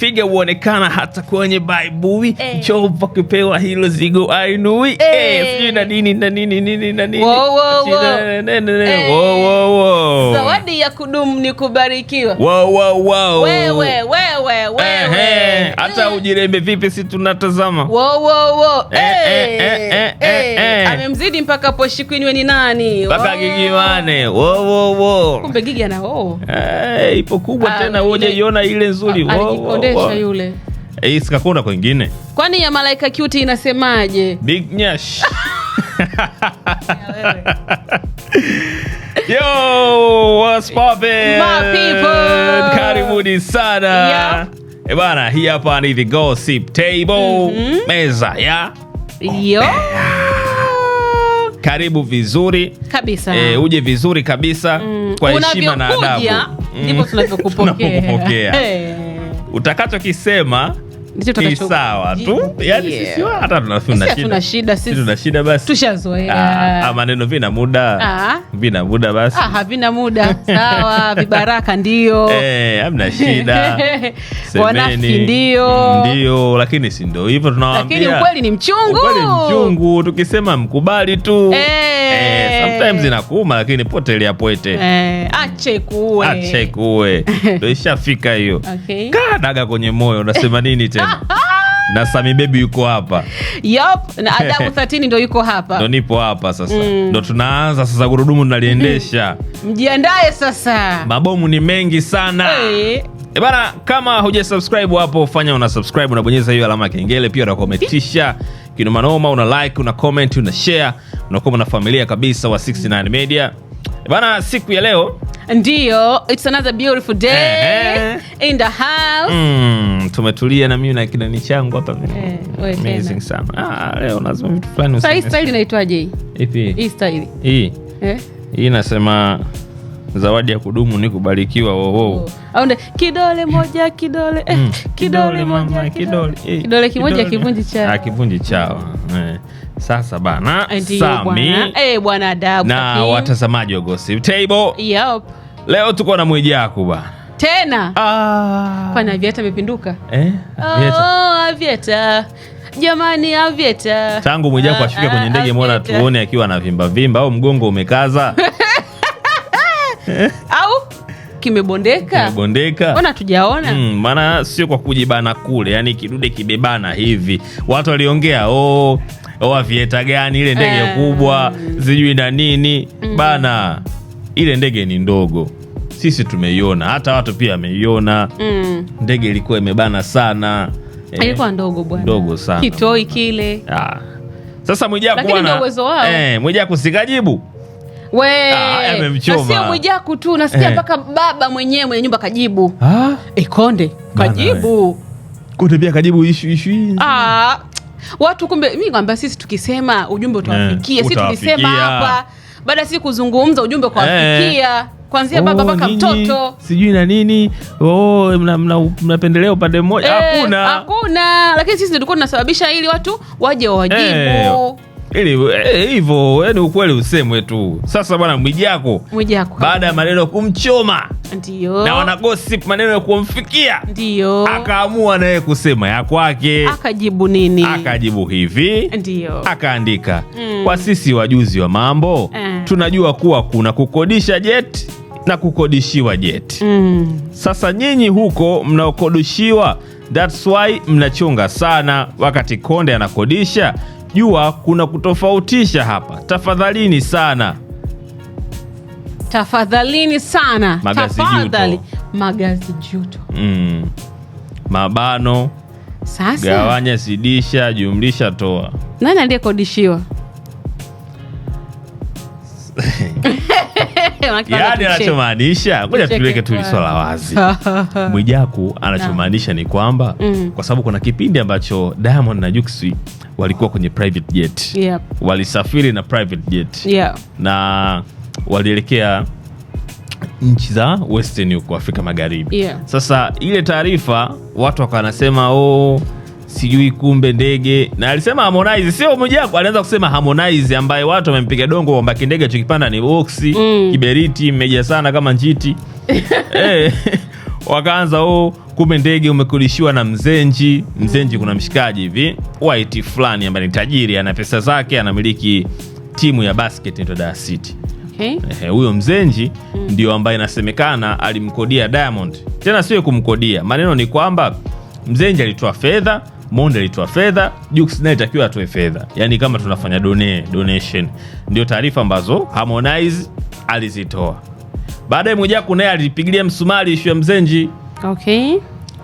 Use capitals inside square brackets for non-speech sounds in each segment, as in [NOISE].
figa huonekana hata kwenye Baibui hey. Eh. Jova kupewa hilo zigo ainui hey. Eh. Eh, hey, sijui na nini na nini nini na nini hey. Zawadi ya kudumu ni kubarikiwa wow, wow, wow. Wewe, wewe wewe, wewe. Hata eh. ujirembe vipi, si tunatazama. Amemzidi mpaka Poshi Queen, ni nani? Mpaka oh. Gigy Money. Kumbe Gigy ana wo. Oh. Eh, ipo kubwa ah, tena, wewe ile nzuri. Ah, Alikondesha yule. Eh, sikakunda kwingine. Kwani ya Malaika Cute inasemaje? Big Nyash. [LAUGHS] [LAUGHS] Yo, what's poppin? My people. Karibuni sana. Yeah. Eh, bana, hii hapa ni the gossip table. Mm -hmm. Meza ya Yo. Eh, Karibu vizuri kabisa. E, uje vizuri kabisa mm. Kwa heshima na adabu mm. ndipo tunavyokupokea. [LAUGHS] Utakachokisema ni sawa tu, yani sisi hata tuna shida, sisi tuna shida basi, tushazoea ah, ah, maneno vina muda, ah. vina muda basi, havina muda sawa. [LAUGHS] Vibaraka ndio eh, hamna shida, [LAUGHS] wanafiki ndio ndio, lakini si ndio hivyo tunawaambia, lakini ukweli ni mchungu, ukweli mchungu, tukisema mkubali tu eh, eh sometimes inakuuma, lakini potelea pote eh, ache kuwe, ache kuwe, [LAUGHS] ndio ishafika hiyo. Okay, kadaga kwenye moyo unasema nini tena? [LAUGHS] na Sami Bebi yuko hapa yep, [LAUGHS] na Adamu 13 ndo yuko hapa, ndo nipo hapa sasa, mm. ndo tunaanza sasa, gurudumu tunaliendesha mm. mjiandae sasa, mabomu ni mengi sana hey. Eh. E bana, kama hujasubscribe hapo fanya una subscribe, unabonyeza hiyo alama kengele, pia unakuwa umetisha kinomanoma, una like, una comment, una share, unakuwa na familia kabisa wa 69 Media. E bana, siku ya leo ndio it's another beautiful day in the house. Mm, tumetulia na mimi na kidani changu hapa. Eh, Amazing sana. Ah, leo lazima vitu fulani. Sasa hii style inaitwaje hii? Ipi? Hii style. Hii. Eh? Hii zawadi ya kudumu ni kubarikiwa. Wowo, oh, oh. oh. kidole moja kidole eh, mm. kidole moja kidole eh, kidole kimoja kivunji chao ah, kivunji chao eh. Sasa bana Sami eh, bwana adabu na watazamaji wa Gossip Table, yep. Leo tuko na Mwijaku bana tena ah. Kwani Avieta amepinduka eh? Avieta Jamani, Avieta tangu Mwijaku ashuke kwenye ah, ndege, mbona tuone akiwa na vimba vimba au mgongo umekaza? [LAUGHS] [LAUGHS] au kimebondeka kimebondeka, mbona tujaona? Hmm, maana mm, sio kwa kujibana kule, yani kidude kibebana hivi. Watu waliongea oh, oh avieta gani ile ndege eh, kubwa sijui na nini mm. Bana, ile ndege ni ndogo sisi tumeiona, hata watu pia wameiona mm. Ndege ilikuwa imebana sana eh, ilikuwa eh, ndogo bwana, ndogo sana kitoi kile. Ah. Sasa Mwijaku wao eh, Mwijaku sikajibu We, ah, eh, Mwijaku tu nasikia eh. mpaka eh, baba mwenyewe mwenye nyumba kajibu eh, Konde kajibu Konde pia kajibu ishu Ah, watu kumbe, mi kwambia sisi tukisema ujumbe eh, utawafikia eh, sisi tukisema hapa baada si kuzungumza ujumbe kuwafikia eh, kwanzia baba oh, mpaka mtoto sijui na nini oh, mnapendelea mna, mna upande mmoja hakuna eh, lakini sisi tulikuwa tunasababisha ili watu waje wawajibu eh ili eh, hivyo, yani ukweli usemwe tu. Sasa bwana Mwijako, Mwijako baada ya maneno kumchoma ndio, na wana gossip maneno ya kumfikia ndio, akaamua naye kusema ya kwake. Akajibu nini? Akajibu hivi ndio, akaandika mm, kwa sisi wajuzi wa mambo eh, tunajua kuwa kuna kukodisha jet na kukodishiwa jet mm. Sasa nyinyi huko mnaokodishiwa, that's why mnachunga sana, wakati Konde anakodisha jua kuna kutofautisha hapa, tafadhalini sana, tafadhalini sana, tafadhali. Magazi juto mm. Mabano sasa, gawanya, zidisha, jumlisha, toa. Nani aliyekodishiwa? [LAUGHS] Yani, anachomaanisha ngoja tuliweke tu swala wazi. [LAUGHS] Mwijaku anachomaanisha ni kwamba mm. kwa sababu kuna kipindi ambacho Diamond na Juksi walikuwa kwenye private jet yep. Walisafiri na private jet yeah. Na walielekea nchi za western huko Afrika Magharibi yeah. Sasa ile taarifa watu wakawa wanasema oh, sijui kumbe ndege na alisema Harmonize sio Mwijaku, alianza kusema Harmonize ambaye watu wamempiga dongo kwamba kindege chokipanda ni boksi mm. Kiberiti mmeja sana kama njiti hey. [LAUGHS] Eh wakaanza oh, kumbe ndege umekodishiwa na mzenji. Mzenji kuna mshikaji hivi white fulani ambaye ni tajiri, ana pesa zake, anamiliki timu ya basket inaitwa Dar City. Okay. Huyo mzenji mm. ndio ambaye inasemekana alimkodia Diamond, tena sio kumkodia, maneno ni kwamba mzenji alitoa fedha mond alitoa fedha, Jux naye itakiwa atoe fedha, yaani kama tunafanya donation. Ndio taarifa ambazo Harmonize alizitoa. Baadaye Mwijaku naye alipigilia msumari ishu ya Mzenji okay,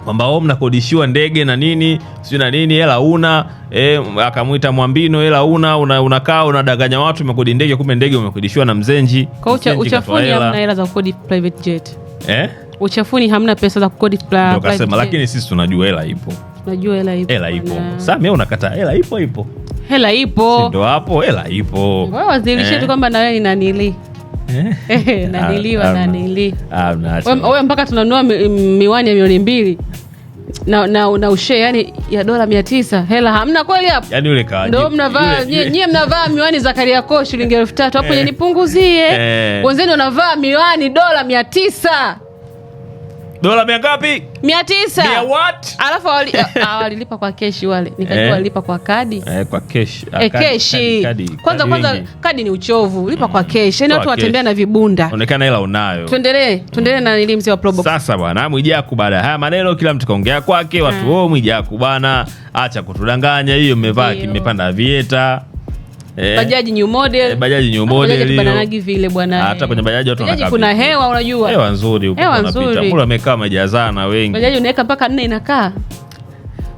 kwamba wao oh, mnakodishiwa ndege na nini sio na nini, hela una e, akamwita Mwambino, hela una unakaa una unadanganya watu umekodi ndege, kumbe ndege umekodishiwa na Mzenji. Kwa hiyo uchafuni hamna hela za kukodi private jet eh? Uchafuni hamna pesa za kukodi private jet, Ndio, lakini sisi tunajua hela ipo, tunajua hela ipo, hela ipo. Sasa mimi unakata hela ipo, ipo hela ipo, si hapo hela ipo, Wewe wazirishie tu eh? kwamba na wewe ni nanili Eh? Eh, naniliwa ah, ah, ah, mpaka tunanua miwani ya milioni mbili na, na, na ushee yani ya dola mia tisa hela hamna kweli hapo yani ndo mnavaa nyie mnavaa miwani za kariakoo shilingi elfu tatu hapo eh, nipunguzie eh. wenzeni wanavaa miwani dola mia tisa dola mia ngapi? mia tisa. Mia what? Alafu [LAUGHS] walilipa kwa keshi wale, nikajua eh? walilipa kwa kadi eh, kwa keshi ah, eh, keshi kwanza kwanza, kadi ni uchovu, lipa kwa mm. keshi. Yani watu watembea na vibunda, onekana hela unayo. Tuendelee, tuendelee na nili mzee wa probo sasa. Bwana Mwijaku, baada ya haya maneno, kila mtu kaongea kwake. Watu wao, mm. oh, Mwijaku bwana, acha kutudanganya, hiyo mmevaa kimepanda vieta eh, bajaji new model, eh, bajaji new model bajaji vile bwana, ah, hata kwenye bajaji watu wanakabili, kuna hewa unajua, hewa nzuri huko unapita mula amekaa majazana wengi, bajaji unaweka mpaka nne inakaa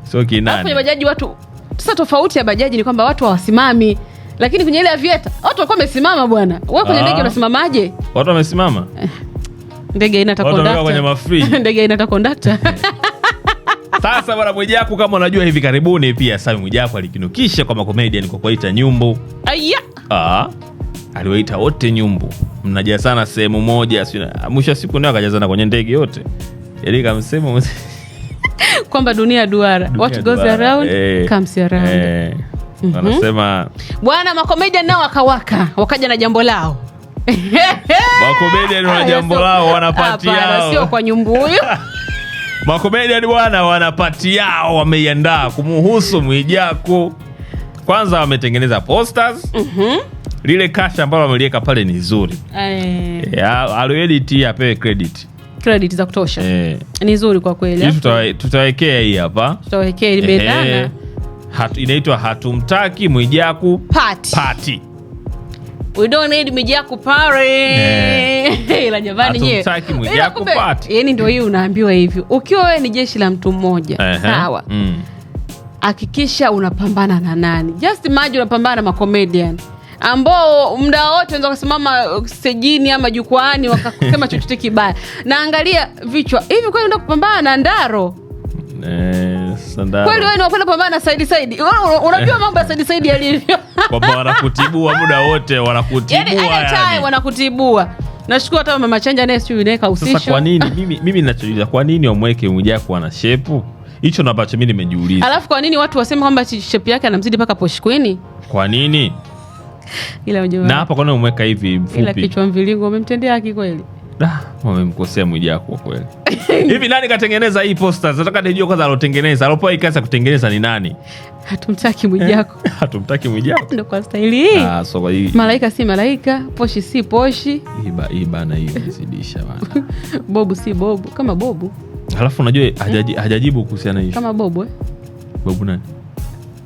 sio kinani kwenye bajaji watu. Sasa tofauti ya bajaji ni kwamba watu hawasimami lakini kwenye ile avieta watu walikuwa wamesimama bwana. Wewe kwenye ah. ndege unasimamaje? Watu wamesimama, eh, ndege haina hata kondakta, [LAUGHS] ndege haina hata kondakta [LAUGHS] Sasa bwana Mwijaku, kama unajua, hivi karibuni pia Sami Mwijaku alikinukisha kwa makomedian kwa kuwaita nyumbu. Aya. Ah, aliwaita wote nyumbu, mnajazana sehemu moja, mwisho wa siku nao akajazana kwenye ndege yote, yaani kamsemo [LAUGHS] kwamba dunia duara, what goes around eh. comes around. Eh. Mhm. Wanasema bwana makomedian nao wakawaka, wakaja na jambo lao makomedian na jambo lao, wanapati yao, sio kwa nyumbu huyu [LAUGHS] makomediani bwana wanapati yao wameiandaa kumuhusu Mwijaku. Kwanza wametengeneza posters mm -hmm. Lile kasha ambalo wameliweka pale ni zuri, eh. aloediti apewe credit credit za kutosha eh. Ni zuri kwa kweli, tutawekea hii hapa, tutawekea ile bendana inaitwa hatumtaki Mwijaku party, party we don't need [LAUGHS] ila jamani, nyewe yaani ndio hii unaambiwa hivyo ukiwa wewe ni jeshi la mtu mmoja Sawa mm. hakikisha mm. unapambana na nani? Just imagine unapambana na maomdian ambao mda wote wanaweza kusimama stejini ama jukwaani wakasema [LAUGHS] chochote kibaya. Naangalia vichwa hivi, kwani unaenda kupambana na Ndaro Eh, kweli wewe Unajua eh. mambo ya Saidi Saidi yalivyo. Kwamba [LAUGHS] wanakutibua muda wote, wanakutibua. Yaani wanakutibua. Nashukuru hata mama Chanja naye sio yule kahusishwa. Sasa kwa nini [LAUGHS] mimi mimi ninachojiuliza kwa nini wamweke Mwijaku ana shepu? Hicho ndo ambacho mimi nimejiuliza. Alafu kwa nini watu waseme kwamba shepu yake anamzidi mpaka Posh Queen? Kwa nini? Ila Na hapa kwa nini umweka hivi mfupi? Ila kichwa mvilingo umemtendea haki kweli. [LAUGHS] Ah, wamemkosea Mwijaku kwa kweli. [LAUGHS] Hivi nani katengeneza hii posta? Nataka nijue kwanza alotengeneza, alopewa hii kazi ya kutengeneza ni nani? Hatumtaki Mwijaku. Eh, [LAUGHS] hatumtaki Mwijaku. kwa staili hii. Ah, so kwa hii. Malaika si malaika, poshi si poshi. Iba iba na hii inazidisha bana. Bobu si bobu, kama bobu. alafu unajua mm. hajajibu kuhusiana hiyo. Kama bobu eh? Bobu nani?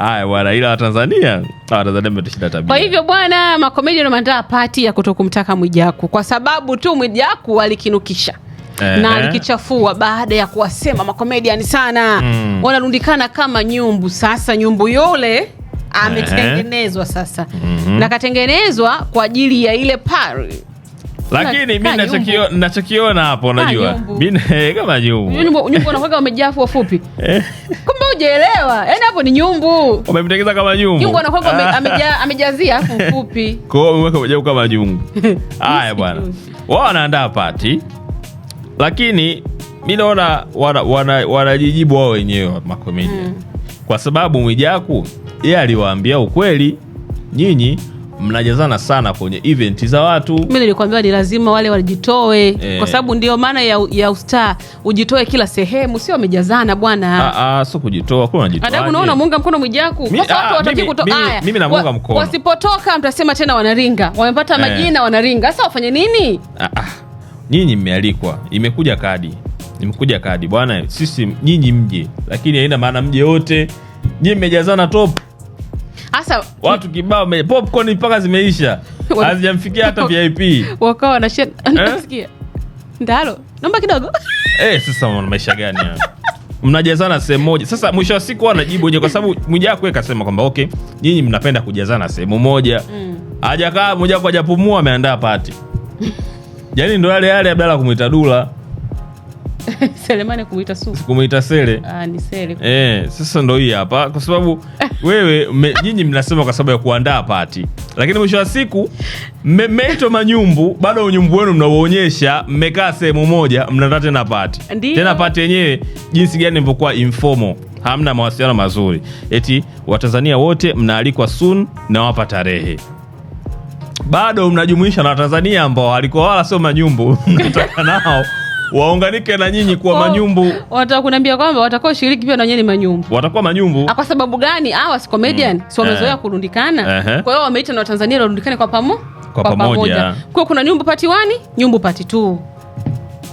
Haya bwana, ila Watanzania Watanzania ah, mmetushinda tabia. Kwa hivyo bwana, makomedia wameandaa pati ya kutokumtaka Mwijaku kwa sababu tu Mwijaku alikinukisha na alikichafua baada ya kuwasema makomedian sana mm, wanarundikana kama nyumbu. Sasa nyumbu yule ametengenezwa sasa mm -hmm. na katengenezwa kwa ajili ya ile pari lakini mi nachokiona hapo, unajua [LAUGHS] kama nyumbu nakwaka wamejaa fupi eh. kumbe ujaelewa. Yani hapo ni nyumbu, umemtengeza kama nyumbu. Nyumbu anakwaka ah. amejazia afu [LAUGHS] fupi, kwa hiyo umeweka umejaa kama nyumbu. [LAUGHS] Haya bwana, wao wanaandaa pati, lakini mi naona wanajijibu wao wenyewe makomedia, mm. kwa sababu Mwijaku yeye aliwaambia ukweli nyinyi mnajazana sana kwenye event za watu. Mimi nilikwambia ni lazima wale wajitoe e, kwa sababu ndio maana ya, ya ustaa ujitoe kila sehemu, sio wamejazana bwana, ah, ah, sio kujitoa. Unaona muunga mkono Mwijaku wasipotoka, mtasema tena wanaringa wamepata e, majina wanaringa. Sasa wafanye nini? Ah, nyinyi mmealikwa, imekuja kadi, imekuja kadi bwana, sisi nyinyi mje, lakini haina maana mje wote, nyinyi mmejazana top hasa watu kibao popcorn mpaka zimeisha [LAUGHS] hazijamfikia hata [LAUGHS] VIP wakawa wanashare eh? nasikia ndalo naomba kidogo [LAUGHS] eh sasa maisha gani haya mnajazana sehemu moja. Sasa mwisho wa siku anajibu wenyewe, kwa sababu Mwijaku kasema kwamba okay, nyinyi mnapenda kujazana sehemu moja. Mm. Hajakaa mm. Mwijaku hajapumua, ameandaa pati yaani ndo yale yale Abdalla kumwita Dula [LAUGHS] Selemani kumuita Su. Kumuita Sele. Ah, ni Sele. Eh, sasa ndo hii hapa kwa sababu [LAUGHS] wewe nyinyi mnasema kwa sababu ya kuandaa pati. Lakini mwisho wa siku mmeitwa manyumbu, bado unyumbu wenu mnauonyesha, mmekaa sehemu moja, mnaandaa tena pati. Ndiyo. Tena pati yenyewe jinsi gani ilivyokuwa informal, hamna mawasiliano mazuri. Eti Watanzania wote mnaalikwa soon na wapa tarehe bado mnajumuisha na Watanzania ambao walikuwa wala sio manyumbu [LAUGHS] mnatoka nao waunganike na nyinyi kuwa oh, manyumbu. Wanataka kuniambia kwamba watakuwa shiriki pia na nyinyi manyumbu, watakuwa manyumbu. Ah, kwa sababu gani? Hawa si comedian mm. si wamezoea eh. kurundikana eh. kwa hiyo wameita na Watanzania warundikane kwa pamoja kwa pamoja. Kwa kuna nyumbu pati 1, nyumbu pati 2.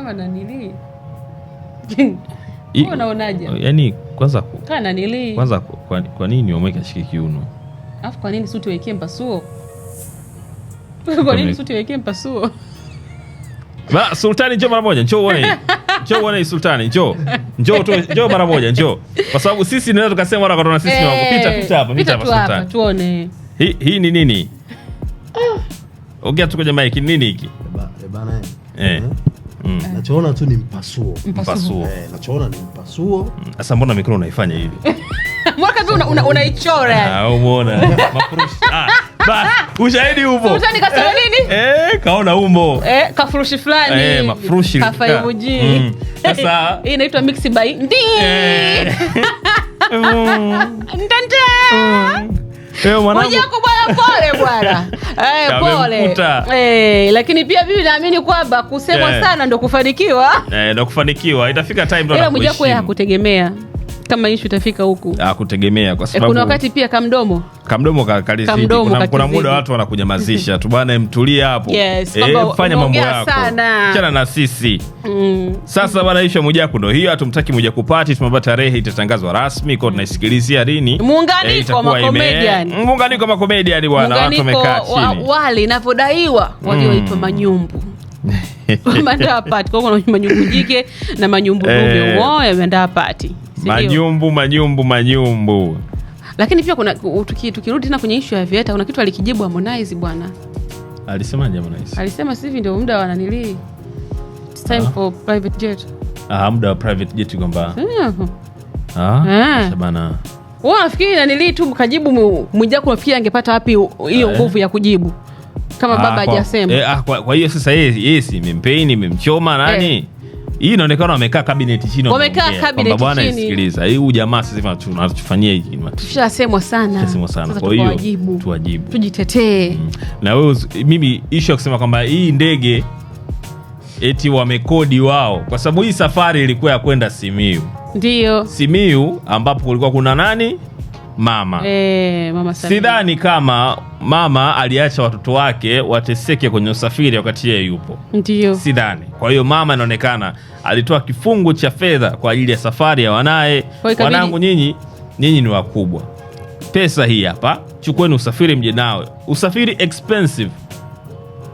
kama nanili [LAUGHS] unaonaje? Yani kwanza kama nanili kwanza, kwa, kwa nini wamweke ashike kiuno? Alafu kwa nini suti wawekee mpasuo? Kwa nini suti wawekee mpasuo? Ma, Sultani njoo mara moja, njoo uone. Njoo uone Sultani, njoo. Njoo tu, njoo mara moja, njoo. Kwa sababu sisi tunaweza tukasema wala kwa sisi wako. Eh, pita pita hapa, pita hapa Sultani. Tuone. Hii hii ni nini? Ah. Ongea tu kwenye mic, nini hiki? Bana. Eh. eh? Mm. Eh. Nachoona tu ni mpasuo, eh, nachoona ni mpasuo. Mm. Sasa mbona mikono unaifanya hivi? [LAUGHS] unaichora. Ah, [LAUGHS] ah, ushahidi upo. Eh, kaona umbo. kafurushi fulani. Ah, mm. Sasa [LAUGHS] hii inaitwa mix by. Ndi. Eh, mwanangu bwana, pole bwana, [LAUGHS] eh, pole eh. Lakini pia mimi naamini kwamba kusemwa eh, sana ndo kufanikiwa eh, ndo kufanikiwa. Itafika time ndo mjakwe hakutegemea kama ishu itafika huku ah, kutegemea, kwa eh, sababu kuna wakati pia kamdomo kamdomo kakalizidi. Kuna, kuna muda watu wanakunyamazisha tu bwana, mtulia hapo, yes, e, fanya mambo yako, chana na sisi mm. Sasa bwana, ishu ya Mwijaku ndo hiyo, hatumtaki Mwijaku pati, tumepata tarehe itatangazwa rasmi kwa tunaisikilizia lini, eh, muunganiko wa makomedian, muunganiko wa makomediani bwana, watu wamekaa chini, wale inavyodaiwa walioitwa mm. manyumbu wameandaa [LAUGHS] pati kwa kuna manyumbu jike na manyumbu dume wao yameandaa pati manyumbu manyumbu manyumbu. Lakini pia kuna tukirudi tena kwenye ishu ya vieta kuna kitu alikijibu Harmonize bwana. alisema nje Harmonize? Alisema sivi ndio muda wa nanili it's time ah. for private jet. Ah, muda wa private jet kwamba ah eh. bana wao nafikiri nanili tu kajibu Mwijaku, nafikiri angepata wapi hiyo eh. nguvu ya kujibu kama ah, baba hajasema. eh, ah, Kwa hiyo sasa yeye si imempeni imemchoma nani? eh. Hii inaonekana wamekaa kabineti chini, wamekaa kabineti bwana, isikiliza hii jamaa sasa tunachofanyia hiki tushasemwa sana, tusemwa sana. Kwa hiyo tuwajibu, tujitetee mm. Na wewe mimi issue ya kusema kwamba hii ndege eti wamekodi wao, kwa sababu hii safari ilikuwa ya kwenda Simiu, ndio Simiu ambapo kulikuwa kuna nani mama e, mama sidhani kama mama aliacha watoto wake wateseke kwenye usafiri wakati yeye yupo, ndio sidhani. Kwa hiyo mama inaonekana alitoa kifungu cha fedha kwa ajili ya safari ya wanaye. Wanangu nyinyi, nyinyi ni wakubwa, pesa hii hapa, chukueni usafiri mje nawe, usafiri expensive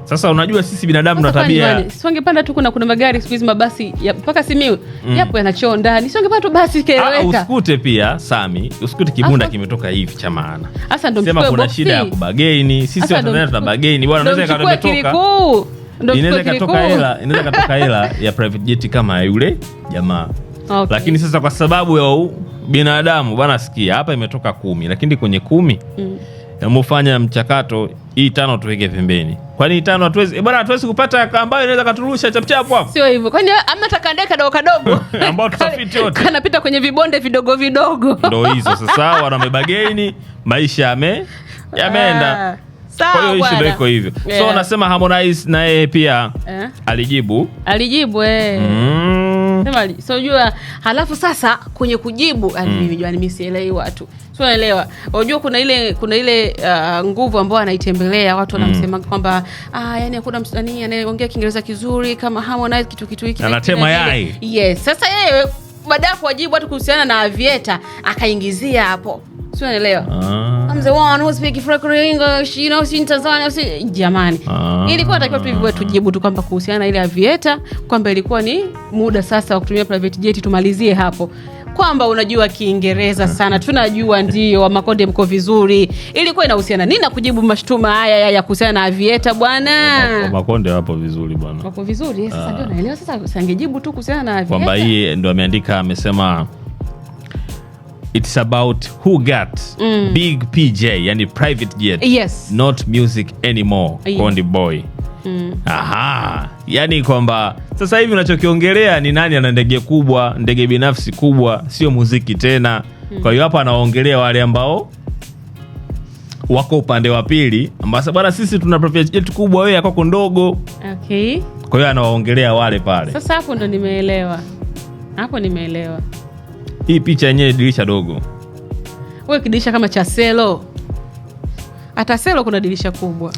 sasa unajua sisi binadamu na tabia. siwangepanda tu kuna kuna magari siku hizi mabasi mpaka ya, Simiyu mm. yapo yanachoo ndani. siwangepanda tu basi ah, keleweka. Usikute pia Sami, usikute kibunda kimetoka hivi cha maana. Sasa ndo mchukue kuna shida ya kubageni. Sisi Watanzania tuna bageni. Bwana unaweza katoka kirikuu. Inaweza katoka hela, inaweza katoka hela ya private jet kama yule jamaa. Okay. Lakini sasa kwa sababu ya binadamu bwana, sikia hapa imetoka kumi, lakini kwenye kumi mm. namufanya mchakato hii tano tuweke pembeni Kwani tano hatuwezi eh, bwana, hatuwezi kupata ambayo inaweza katurusha chapchapu hapo. Sio hivyo. Kwani ama takande kadogo kadogo [LAUGHS] ambao tutafiti wote. Kanapita kwenye vibonde vidogo vidogo. ndo hizo sasa wana mebageni maisha yame yameenda. Ah, Kwa hiyo ishi ndio iko hivyo. So nasema Harmonize naye pia yeah, alijibu. Alijibu eh. Mm sema so halafu sasa kwenye kujibu mm. mimi mm. mimi sielewi watu sinaelewa naelewa. Unajua kuna ile kuna ile uh, nguvu ambayo anaitembelea watu mm. wanamsema mm. kwamba ah, yani hakuna msanii anayeongea Kiingereza kizuri kama Harmonize kitu kitu hiki. Anatema yai. Yes, sasa yeye baada ya kuwajibu watu kuhusiana na Avieta akaingizia hapo Siunaelewa ah. I'm wao one speak frequently English you know, si Tanzania si jamani ah. Ilikuwa takiwa tu hivyo tujibu tu kwamba kuhusiana na ile avieta kwamba ilikuwa ni muda sasa wa kutumia private jet, tumalizie hapo kwamba unajua Kiingereza ah. sana, tunajua ndio, wa Makonde mko vizuri, ilikuwa inahusiana nini na kujibu mashtuma haya ya kuhusiana na avieta bwana. Makonde hapo vizuri bwana, wako vizuri sasa, ah. ndio naelewa sasa, sangejibu tu kuhusiana na avieta kwamba hii ndio ameandika amesema it's about who got mm. big PJ yani private jet yes. not music anymore yes. Konde Boy mm. Aha, yani kwamba sasa hivi unachokiongelea ni nani ana ndege kubwa, ndege binafsi kubwa, sio muziki tena mm. Kwa hiyo hapa anawaongelea wale ambao wako upande wa pili ambao bwana, sisi tuna private jet kubwa, wewe yako ndogo. Okay, kwa hiyo anawaongelea wale pale. Sasa hapo ndo nimeelewa, hapo nimeelewa. Hii picha yenyewe dirisha dogo. Wewe kidirisha kama cha selo. Hata selo kuna dirisha kubwa.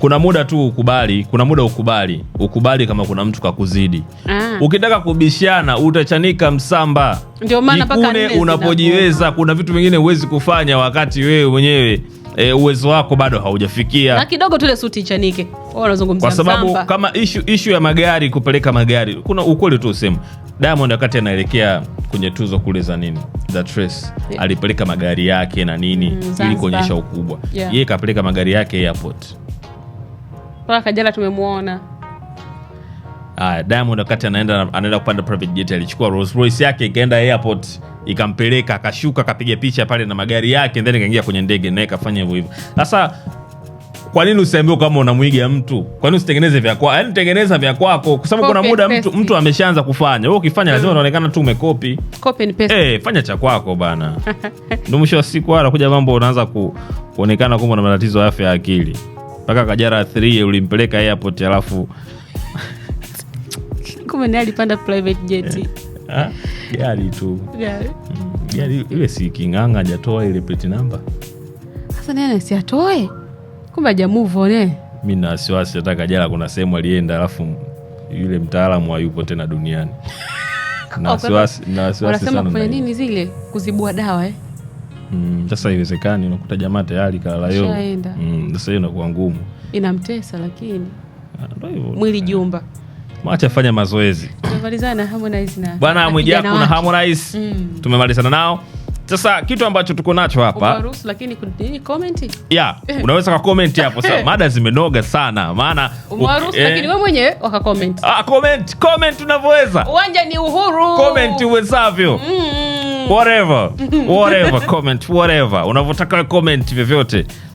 Kuna muda tu ukubali, kuna muda ukubali, ukubali kama kuna mtu kakuzidi. ah. Ukitaka kubishana utachanika msamba. Ndio maana paka unapojiweza kuna vitu vingine huwezi kufanya wakati wewe mwenyewe e, uwezo wako bado haujafikia na kidogo tule suti chanike, kwa sababu mzamba. Kama ishu, ishu ya magari kupeleka magari, kuna ukweli tu usemu Diamond wakati anaelekea kwenye tuzo kule za nini za Trace yeah. Alipeleka magari yake na nini mm, ili kuonyesha ukubwa yeah. Yeye kapeleka magari yake airport mpaka Kajala tumemwona. Diamond wakati anaenda anaenda kupanda private jet alichukua Rolls Royce yake ikaenda airport ikampeleka akashuka akapiga picha pale na magari yake, then ikaingia kwenye ndege naye kafanya hivyo hivyo. Sasa kwa nini usiambiwe kama unamwiga mtu? Kwa nini usitengeneze vya kwako? Yaani tengeneza vya kwako, kwa sababu kuna muda mtu, mtu ameshaanza kufanya. Wewe ukifanya lazima mm. unaonekana tu umekopi. Copy and paste. Eh, fanya cha kwako bana. [LAUGHS] Ndio mwisho wa siku kuja mambo unaanza ku, kuonekana kumbe una matatizo ya afya ya akili. Mpaka Kajara 3 ulimpeleka airport alafu kumbe alipanda private jet. Eh. Gari tu gari, mm, ile si king'ang'a ajatoa ile pleti namba. Sasa nani asiatoe? Kumbe ajamuvone. Mi na wasiwasi, hata kajala kuna sehemu alienda, alafu yule mtaalamu hayupo tena duniani. [LAUGHS] na wasiwasi sana kufanya nini zile kuzibua dawa eh? Mm, sasa haiwezekani, unakuta jamaa tayari kalala yo. Mm, sasa hiyo inakuwa ngumu, inamtesa lakini, ah, ndo hivyo mwili jumba Mwache afanye mazoezi. Tumemalizana Harmonize na Bwana Mwijaku na Harmonize. Mm. Tumemalizana nao. Sasa kitu ambacho tuko nacho hapa ruhusu, lakini kudini comment, yeah, unaweza ka comment hapo. Sasa eh. mada zimenoga sana, maana umeruhusu, eh. lakini wewe mwenyewe waka comment. Ah, comment comment, unavyoweza. Uwanja ni uhuru, comment uwezavyo. Mm. Whatever [LAUGHS] whatever comment whatever unavyotaka comment vyovyote.